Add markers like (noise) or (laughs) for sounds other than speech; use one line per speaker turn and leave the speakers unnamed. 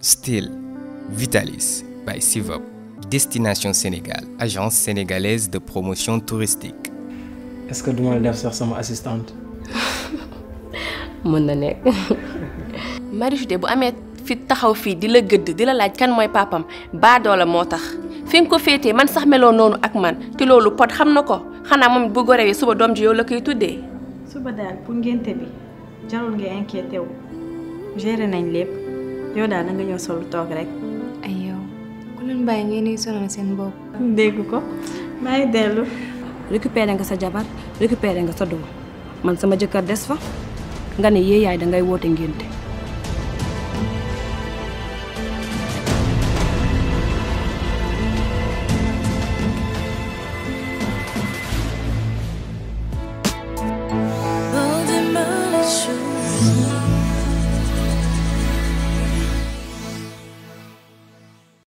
Still, Vitalis, by Sivop. Destination Sénégal, agence sénégalaise de promotion touristique.
Est-ce que duma la def sax sama assistante.
(laughs) mën na nekk. (laughs)
Marichou de bu amee fi taxaw fii di la gëdd di la laaj kan mooy papam baadoola moo la fi nga ko féetee man sax meloo noonu ak man te loolu pot xam na ko xanaa moom bu ko rewee suba doom ji yow la koy tuddee.
suba daal pour ngénte bi jarul nga inquiété wu géré nañ lépp. yow daal na nga ñëw solu toog rek. ay yow
ku leen bàyyi ngeen di sonal seen bopp. dégg ko
maa ngi dellu. récupéré nga sa jabar récupéré nga sa doom man sama jëkkër des fa nga ne yéeyaay dangay woote ngénte